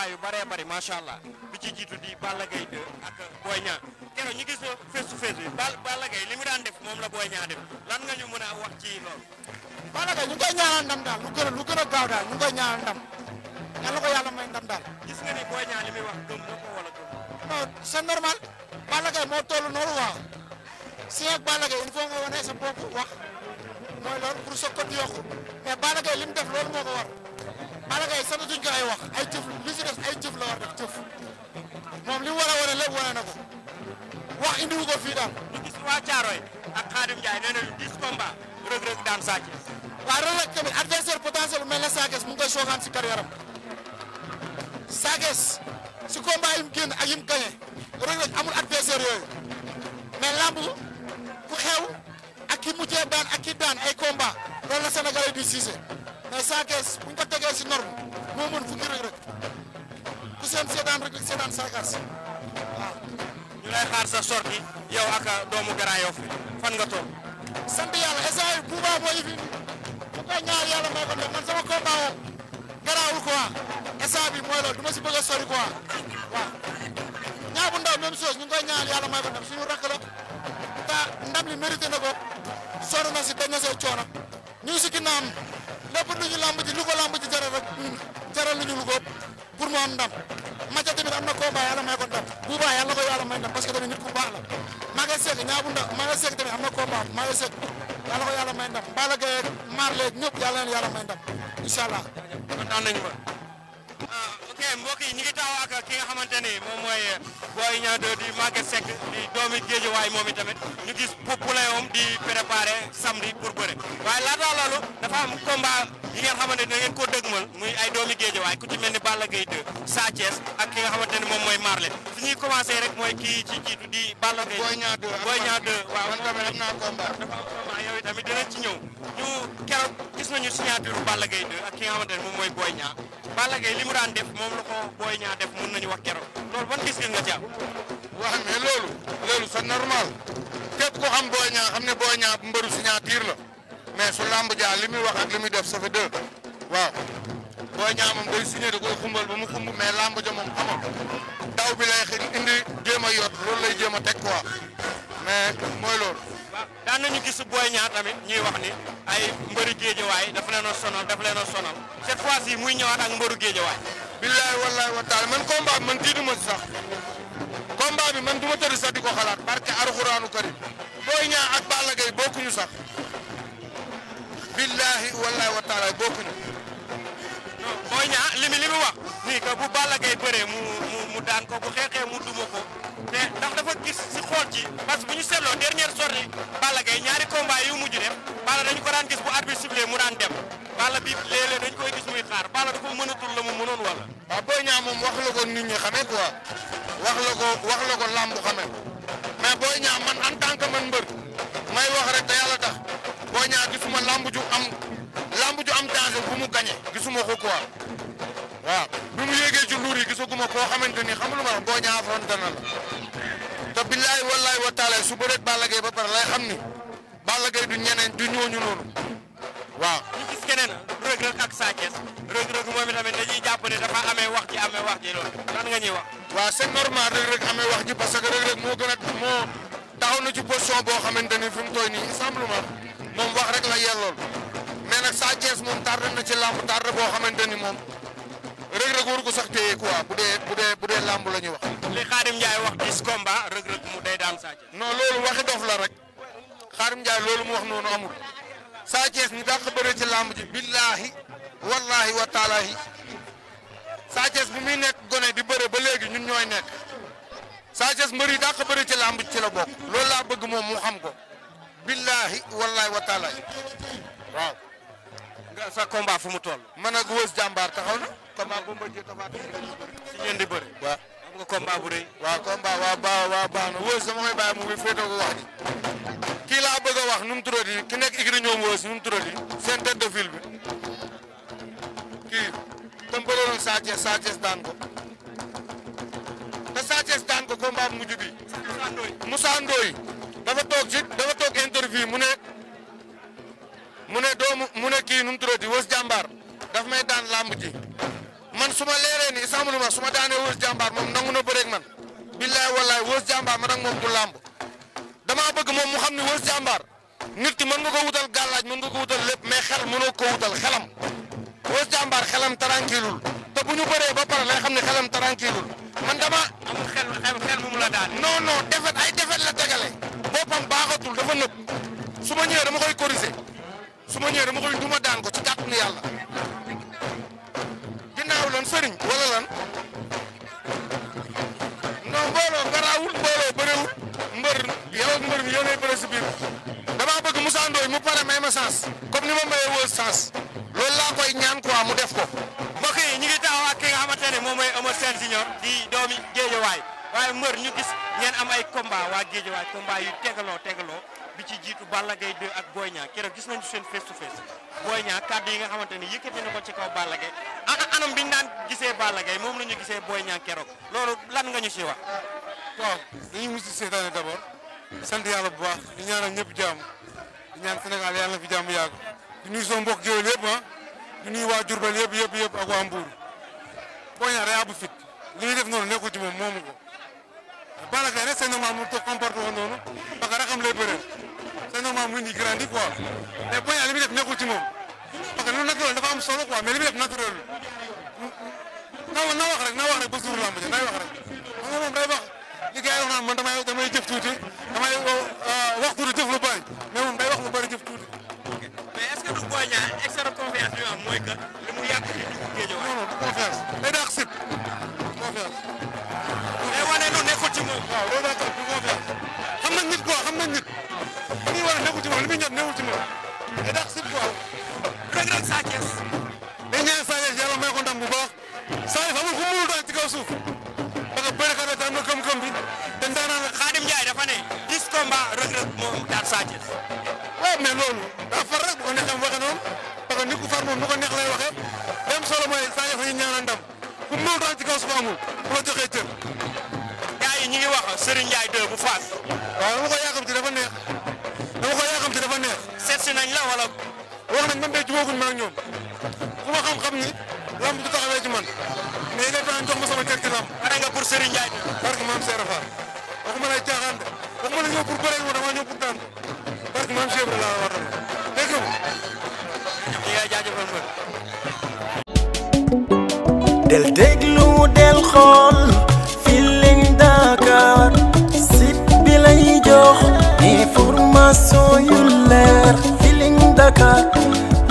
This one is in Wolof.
combat yu bëree bëri macha allah bi ci jiitu di Balla Gaye 2 ak Boy Niang keroog ñu gis face to face bi Balla Gaye li mu daan def moom la Boy Niang def lan nga ñu mën a wax ci loolu. Balla Gaye ñu ngi koy ñaanal daal lu gën a lu gën a gaaw daal ñu ngi koy ñaanal ndam yàlla ko yàlla may daal. gis nga ni Boy Niang li muy wax gëm na ko wala gëm. non c'est normal Balla Gaye moo toll noonu waaw si ak Balla Gaye il faut nga wane sa bopp wax mooy loolu pour sa kër Balla Gaye santuñ ko ay wax ay jëf lu ci des ay jëf la war def moom li mu war a wane lépp na ko wax indiwu ko fii daal. ñu gis waa Thiaroye ak Khadim Ndiaye nee nañu 10 combats Reug Reug daan Sa Thiès. waaw Reug Reug tamit adversaire potentiel bu mu ngi koy sooxaan si carrière am Sa si combat yi mu génn ak yi mu gagné Reug Reug amul adversaire yooyu mais lamb ku xew ak ki mujjee daan ak ki daan ay combat loolu la Sénégalais du Cissé. mais Sa Thiès bu ñu ko tegee si norme moo mën fukki rek ku seen seetaan rek seetaan Sa ñu lay xaar sa sortie yow doomu Grand Yoff fan nga toog. sant yàlla instant yii Bouba moo ñu fi indi bu koy ñaar yàlla may ko def man sama combat woo garaawul quoi bi mooy loolu du si bëgg a sori quoi waaw. ñaabu ndaw même chose ñu ngi koy ñaar yàlla may ko def suñu rakk ndam li mérité na ko sonn na si dañ na see ñu si ginnaawam. lépp lu ñu lamb ji lu ko lamb ji jaral rek jaral lu ndam Mathia tamit am na combat yàlla may ko ndam bu baax yàlla ko may ndam parce que tamit nit ku baax la ñaabu ndax Maguette Seck tamit am na combat Maguette Seck yàlla ko yàlla may ndam Balla Gaye Marley ñëpp yàlla leen yàlla may ndam incha allah. kontaan nañu ba. Ah, ok mbokk yi ñu ki nga xamante ni moom mooy. Boy ñaa 2 di Maguette Seck di doomi Géejawaay moom itamit ñu gis poulain di préparé samedi pour bëre waaye laata loolu dafa am combat yi ngeen xamante ne ngeen ko dëgmal muy ay doomi Géejawaay ku ci mel ni Balla Gaye 2 Sa Thiès ak ki nga xamante ne moom mooy Marley su ñuy commencé rek mooy kii ci jiitu di Balla Gaye Boy Niang 2 Boy Niang 2 waaw man tamit am naa combat dafa am combat yow itamit dinañ ci ñëw ñu keroog gis nañu signature Balla Gaye 2 ak ki nga xamante ne moom mooy Boy Niang Balla Gaye li mu ban gis-gis nga ci am. waaw mais loolu. loolu c'est normal képp ku xam Boy Niang xam ne Boy Niang mbëru signature la mais su lamb ja li muy wax ak li muy def ça fait waa waaw Boy Niang moom day signé da koy xumbal ba mu xumb mais lamb ja moom xamal daw bi indi jéem a yot loolu lay jéem a teg quoi mais mooy loolu. waaw daan nañu gis Boy Niang tamit ñuy wax ni ay mbëru géejawaay daf leen a sonal daf leen a sonal cette fois muy ñëwaat ak mbëru géejawaay. billaay wallaay wa taala man combat man tiitu wallaay wa taala bokkuñu. non booy ñaa li mi li mu wax. nii que bu Balla Gaye bëree mu mu mu daan ko bu xeexee mu duma ko. te ndax dafa gis si xool ci parce bu ñu seetloo dernière sortie Balla Gaye ñaari combat yu mujj def Balla dañu ko daan gis bu arbitre sifflé mu daan dem Balla bi léeg-léeg dañu koy gis muy xaar Balla dafa mënatul la mu mënoon wala. waaw booy ñaa moom wax la ko nit ñi xamee quoi wax la ko wax la ko làmb xamee mais booy ñaa man en man mbër may wax rek te yàlla tax booy gañe gisuma ko quoi waaw bi mu yéegee ci luur yi gisaguma koo xamante ni xam lu ma wax boo ñaa affronté na la te billaay wa taala su bëreet Balla Gaye ba pare lay xam ni Balla Gaye du ñeneen du ñooñu noonu waaw. ñu gis keneen Reug Reug ak Sa Thiès Reug Reug moom itamit dañuy jàpp ne dafa amee wax ji amee wax ji loolu lan nga ñuy wax. waaw c'est normal Reug Reug amee wax ji parce que Reug Reug moo gën a moo taxaw na ci position boo xamante ni fi mu tooy nii ensemble moom wax rek la yellool. mais nag Sa Thiès moom tardé na ci làmb tardé boo xamante ni moom Reug Reug waru ko sax téye quoi bu dee bu dee la ñuy wax. li Xaadim Ndiaye wax dix combat Reug Reug mu day daan Sa Thiès. non loolu waxi dof la rek Xaadim Ndiaye loolu mu wax noonu amul Sa Thiès ñu dàq bëre ci làmb ji billaahi wallaahi wa taalaahi Sa Thiès bu muy nekk gone di bëre ba léegi ñun ñooy nekk Sa Thiès mbër yi dàq bëre ci làmb ci la bokk loolu laa bëgg moom mu xam ko billaahi wallaahi wa taalaahi waaw. sa combat fu mu toll. man ak wës jàmbaar taxaw na. combat bu mbëjee tafaat si ngeen di bëri. waaw am nga combat bu rëy. waaw na wës dama koy bàyyi mu ngi féetoo a wax Sa Sa Thiès daan ko te dafa toog interview mu ne. mu ne doomu mu ne kii nu mu tuddati wës jàmbaar daf may daan làmb ji man su ma leeree ni isambulu ma su ma daanee wës jàmbaar moom nangu na bëreeg man billaay wallaay wës jàmbaar man ak moom du làmb damaa bëgg moom mu xam ne wës jàmbaar nit ki mën nga ko wutal gàllaaj mën nga ko wutal lépp mais xel mënoo ko wutal xelam wës jàmbaar xelam tranquillul te bu ñu bëree ba pare lay xam ne xelam tranquillul man dama amul xel xel mu la daan non non defet ay defet la tegale boppam baaxatul dafa nëb su ma ñëwee dama koy corriger su ma ñëwee dama koy duma daan ko ci kàttanu yàlla ginnaaw lan sëriñ wala lan non mbooloo garaawul mbooloo bëriwul mbër yow ak mbër mi yow lay bëre si biir damaa bëgg mu pare may ma sens comme ni ma mayee woon sens laa koy ñaan quoi mu def ko. mbokk yi ñu ngi taxaw ki nga xamante ne moom mooy Eumeu di doomi Géejawaay waaye mbër ñu gis ngeen am ay combat waa Géejawaay combat yu tegaloo tegaloo. bi ci jiitu Balla Gaye ak Boy Niang keroog gis nañu seen face yi nga xamante ni yëkkati na ko ci kaw Balla Gaye ana anam bi ñu daan ñu gisee Boy Niang keroog loolu lan nga ñu si wax. waaw dañuy mus bu baax di ñaanal ñëpp jàmm di ñaan Sénégal yàlla na fi jàmm yàgg di nuyu sama mbokk géwél yëpp ah di nuyu waa Diourbel yëpp yëpp a ak waa Mbour Boy Niang day àbb fit li muy def noonu nekkul ci moom moomu ko Balla Gaye rek c'est normal mu toog comportement rakam lay bëre c'est normal muy ni grandi quoi mais Boy Niang li muy def nekkul ci moom parce que lu naturel dafa am solo quoi mais li muy def naturel na na wax rek na wax rek ba suur lamb ja day wax rek xam nga moom day wax li gars yi wax naan man damay damay jëf tuuti damay euh, wax tuuti jëf lu bëri mais moom day wax lu bëri moom li muy ñor newul ci moom te dàq si quoi rek rek Sa Thiès dañ ñaan Sa Thiès yàlla may ko ndam bu baax Sa Thiès amul ku mu daan ci kaw suuf parce que bëri kat am na këm-këm bi ndaanaan la Khadim dafa ne dix combat rek rek moom daan Sa Thiès loolu daa far rek bu ko noonu parce ni ku far moom nu ko neex lay waxee même solo mooy Sa Thiès dañuy ñaanal ndam ku mu daan ci kaw suuf ku la joxee cër. gars yi ñu ngi wax bu Fass waaw lu ko yàggam ci ma ak ñoom ku ma xam-xam ni lamb du taxawee ci man mais il est a del déglu del xool Feeling Dakar site bi lay jox